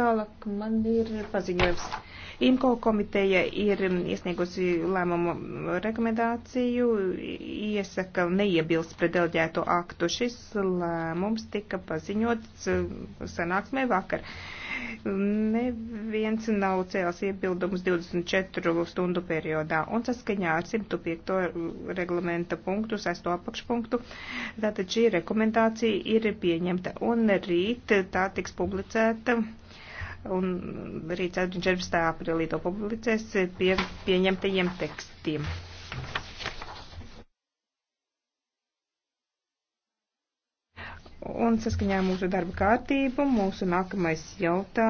Tālāk man ir paziņojums. IMCO komiteja ir mm, iesniegusi lēmumu rekomendāciju, iesaka neiebilst pret delģēto aktu. Šis lēmums tika paziņots mm, sanāksmē vakar. Mm, neviens nav cēlis iebildumus 24 stundu periodā. Un saskaņā ar 105. reglamenta punktu, 6. apakšpunktu, tātad šī rekomendācija ir pieņemta. Un rīt tā tiks publicēta. Un rīt 14. aprīlī to publicēs pie pieņemtajiem tekstiem. Un saskaņā mūsu darba kārtību, mūsu nākamais jautājums.